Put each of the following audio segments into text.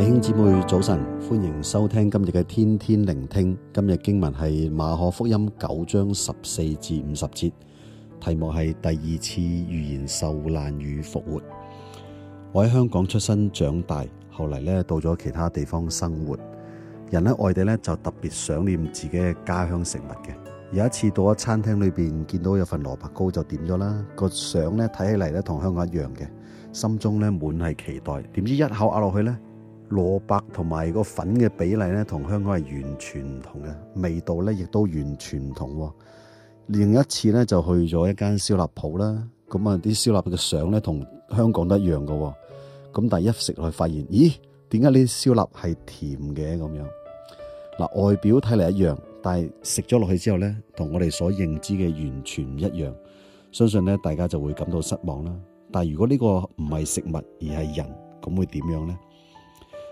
弟兄姊妹早晨，歡迎收聽今日嘅天天聆聽。今日經文係馬可福音九章十四至五十節，題目係第二次預言受難與復活。我喺香港出生長大，後嚟咧到咗其他地方生活。人喺外地咧就特別想念自己嘅家鄉食物嘅。有一次到咗餐廳裏邊見到有份蘿卜糕就點咗啦。個相咧睇起嚟咧同香港一樣嘅，心中咧滿係期待。點知一口咬落去咧？蘿蔔同埋個粉嘅比例咧，同香港係完全唔同嘅，味道咧亦都完全唔同、哦。另一次咧就去咗一間燒臘鋪啦，咁啊啲燒臘嘅相咧同香港都一樣嘅、哦，咁但係一食落去發現，咦？點解呢啲燒臘係甜嘅咁樣？嗱、呃，外表睇嚟一樣，但係食咗落去之後咧，同我哋所認知嘅完全唔一樣。相信咧大家就會感到失望啦。但係如果呢個唔係食物而係人，咁會點樣咧？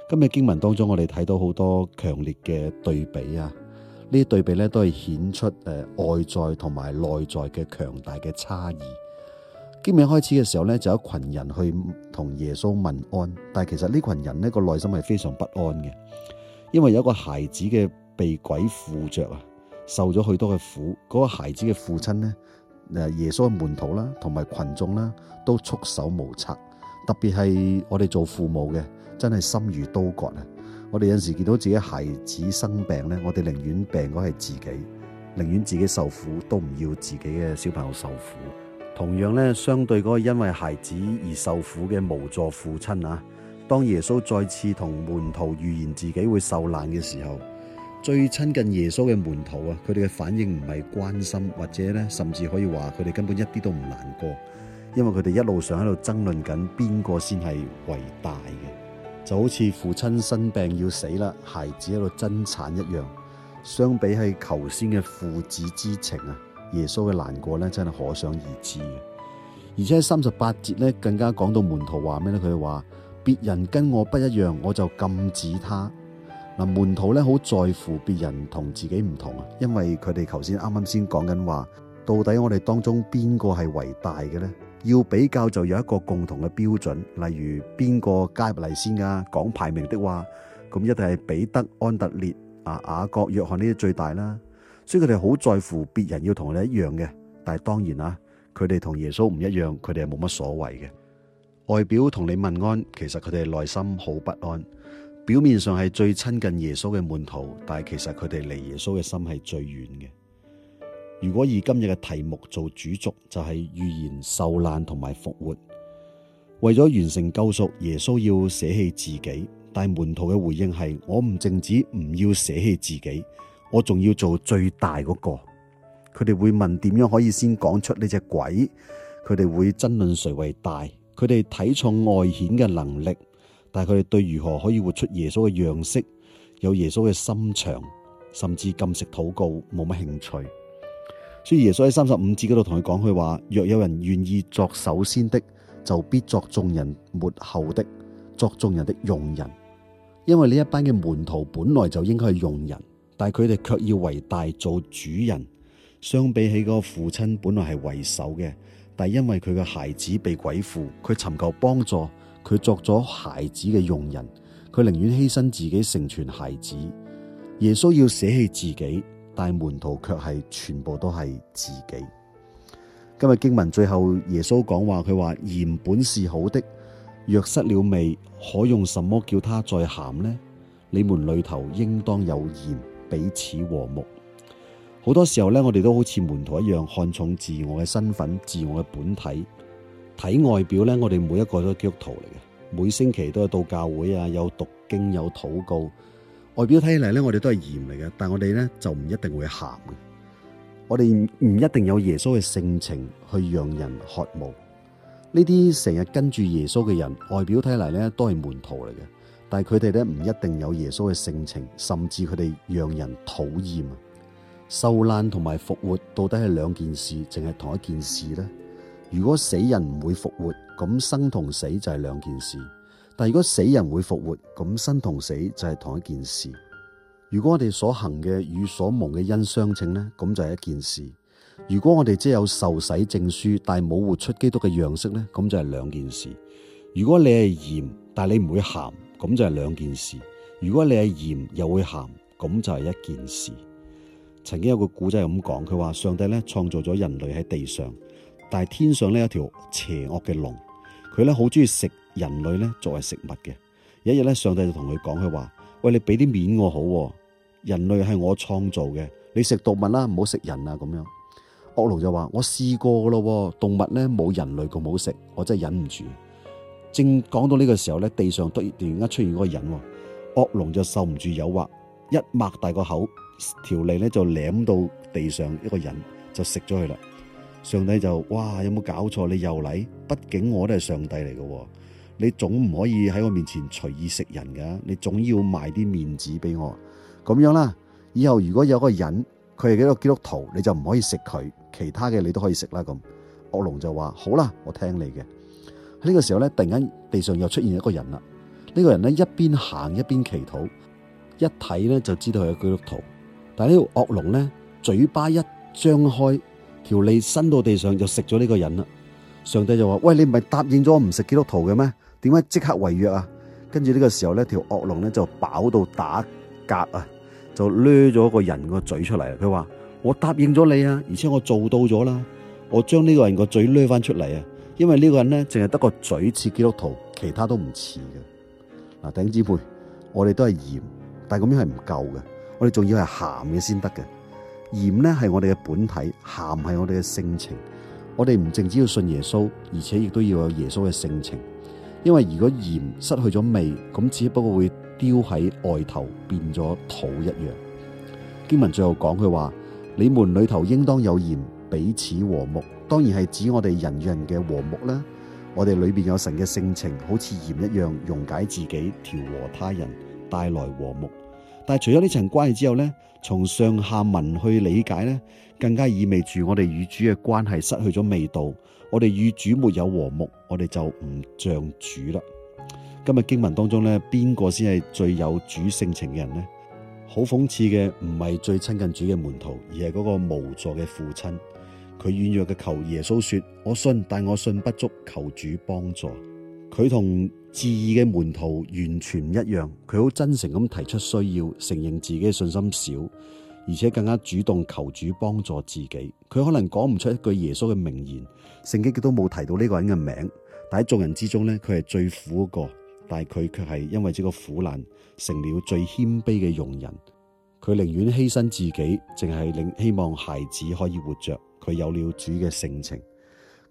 今日經文當中，我哋睇到好多強烈嘅對比啊！呢啲對比咧，都係顯出誒、呃、外在同埋內在嘅強大嘅差異。經文開始嘅時候咧，就有一群人去同耶穌問安，但係其實呢群人咧個內心係非常不安嘅，因為有一個孩子嘅被鬼附着啊，受咗許多嘅苦。嗰、那個孩子嘅父親咧，誒耶穌嘅門徒啦，同埋群眾啦，都束手無策。特別係我哋做父母嘅。真係心如刀割啊！我哋有時見到自己孩子生病咧，我哋寧願病嗰係自己，寧願自己受苦都唔要自己嘅小朋友受苦。同樣咧，相對嗰個因為孩子而受苦嘅無助父親啊，當耶穌再次同門徒預言自己會受難嘅時候，最親近耶穌嘅門徒啊，佢哋嘅反應唔係關心，或者咧，甚至可以話佢哋根本一啲都唔難過，因為佢哋一路上喺度爭論緊邊個先係為大嘅。就好似父親生病要死啦，孩子喺度爭產一樣。相比起求先嘅父子之情啊，耶穌嘅難過咧真係可想而知嘅。而且三十八節咧，更加講到門徒話咩咧？佢哋話別人跟我不一樣，我就禁止他。嗱，門徒咧好在乎別人同自己唔同啊，因為佢哋頭先啱啱先講緊話，到底我哋當中邊個係偉大嘅咧？要比較就有一個共同嘅標準，例如邊個加布利先啊，講排名的話，咁一定係彼得、安特列、啊、雅各、約翰呢啲最大啦。所以佢哋好在乎別人要同佢哋一樣嘅，但係當然啦、啊，佢哋同耶穌唔一樣，佢哋係冇乜所謂嘅。外表同你問安，其實佢哋內心好不安。表面上係最親近耶穌嘅門徒，但係其實佢哋離耶穌嘅心係最遠嘅。如果以今日嘅題目做主軸，就係、是、預言受難同埋復活。為咗完成救贖，耶穌要捨棄自己，但係門徒嘅回應係：我唔淨止唔要捨棄自己，我仲要做最大嗰個。佢哋會問點樣可以先講出呢隻鬼？佢哋會爭論誰為大，佢哋睇重外顯嘅能力，但係佢哋對如何可以活出耶穌嘅樣式，有耶穌嘅心腸，甚至禁食禱告冇乜興趣。所以耶穌喺三十五節嗰度同佢講，佢話：若有人願意作首先的，就必作眾人末後的，作眾人的用人。因為呢一班嘅門徒本來就應該係用人，但係佢哋卻要為大做主人。相比起嗰個父親本來係為首嘅，但係因為佢嘅孩子被鬼附，佢尋求幫助，佢作咗孩子嘅用人，佢寧願犧牲自己成全孩子。耶穌要捨棄自己。但門徒卻係全部都係自己。今日經文最後耶穌講話，佢話鹽本是好的，若失了味，可用什麼叫它再鹹呢？你們裡頭應當有鹽，彼此和睦。好多時候咧，我哋都好似門徒一樣看重自我嘅身份、自我嘅本體、睇外表咧。我哋每一個都係基督徒嚟嘅，每星期都係到教會啊，有讀經、有禱告。外表睇嚟咧，我哋都係鹽嚟嘅，但係我哋咧就唔一定會鹹嘅。我哋唔一定有耶穌嘅性情去讓人渴慕。呢啲，成日跟住耶穌嘅人，外表睇嚟咧都係門徒嚟嘅，但係佢哋咧唔一定有耶穌嘅性情，甚至佢哋讓人討厭。受難同埋復活到底係兩件事，定係同一件事咧？如果死人唔會復活，咁生同死就係兩件事。但如果死人會復活，咁生同死就係同一件事。如果我哋所行嘅與所蒙嘅恩相稱呢，咁就係一件事。如果我哋只有受洗證書，但係冇活出基督嘅樣式呢，咁就係兩件事。如果你係鹽，但係你唔會鹹，咁就係兩件事。如果你係鹽又會鹹，咁就係一件事。曾經有個古仔咁講，佢話上帝咧創造咗人類喺地上，但係天上呢一條邪惡嘅龍，佢呢好中意食。人類咧作為食物嘅，有一日咧，上帝就同佢講佢話：喂，你俾啲面我好喎，人類係我創造嘅，你食動物啦，唔好食人啊咁樣。惡龍就話：我試過咯喎，動物咧冇人類咁好食，我真係忍唔住。正講到呢個時候咧，地上突然間出現嗰個人喎，惡龍就受唔住誘惑，一擘大個口，條脷咧就舐到地上一個人就食咗佢啦。上帝就：哇，有冇搞錯？你又嚟？畢竟我都係上帝嚟嘅喎。你總唔可以喺我面前隨意食人噶，你總要賣啲面子俾我，咁樣啦。以後如果有個人佢係個基督徒，你就唔可以食佢，其他嘅你都可以食啦。咁惡龍就話好啦，我聽你嘅。喺呢個時候咧，突然間地上又出現一個人啦。呢個人咧一邊行一邊祈禱，一睇咧就知道係基督徒。但係呢條惡龍咧嘴巴一張開，條脷伸到地上就食咗呢個人啦。上帝就話：喂，你唔係答應咗唔食基督徒嘅咩？點解即刻違約啊？跟住呢個時候咧，條惡龍咧就飽到打嗝啊，就掠咗個人個嘴出嚟。佢話我答應咗你啊，而且我做到咗啦，我將呢個人個嘴掠翻出嚟啊。因為呢個人咧淨係得個嘴似基督徒，其他都唔似嘅。嗱，弟兄姊妹，我哋都係鹽，但係咁樣係唔夠嘅，我哋仲要係鹹嘅先得嘅。鹽咧，係我哋嘅本體，鹹係我哋嘅性情。我哋唔淨止要信耶穌，而且亦都要有耶穌嘅性情。因為如果鹽失去咗味，咁只不過會丟喺外頭，變咗土一樣。經文最後講佢話：你們裡頭應當有鹽，彼此和睦。當然係指我哋人與人嘅和睦啦。我哋裡面有神嘅性情，好似鹽一樣，溶解自己，調和他人，帶來和睦。但除咗呢層關係之後呢，從上下文去理解呢，更加意味住我哋與主嘅關係失去咗味道，我哋與主沒有和睦，我哋就唔像主啦。今日經文當中呢，邊個先係最有主性情嘅人呢？好諷刺嘅，唔係最親近主嘅門徒，而係嗰個無助嘅父親。佢軟弱嘅求耶穌說：「我信，但我信不足，求主幫助。」佢同自義嘅門徒完全唔一樣，佢好真誠咁提出需要，承認自己嘅信心少，而且更加主動求主幫助自己。佢可能講唔出一句耶穌嘅名言，聖經亦都冇提到呢個人嘅名，但喺眾人之中呢，佢係最苦一個，但係佢卻係因為這個苦難，成了最謙卑嘅傭人。佢寧願犧牲自己，淨係令希望孩子可以活着。佢有了主嘅性情。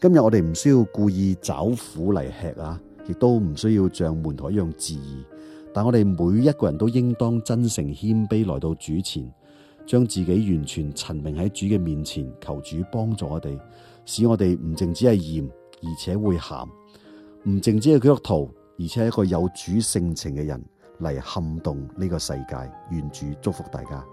今日我哋唔需要故意找苦嚟吃啊！亦都唔需要像門徒一樣自義，但我哋每一個人都應當真誠謙卑來到主前，將自己完全陳明喺主嘅面前，求主幫助我哋，使我哋唔淨止係鹽，而且會鹹，唔淨止係基督徒，而且係一個有主性情嘅人嚟撼動呢個世界。願主祝福大家。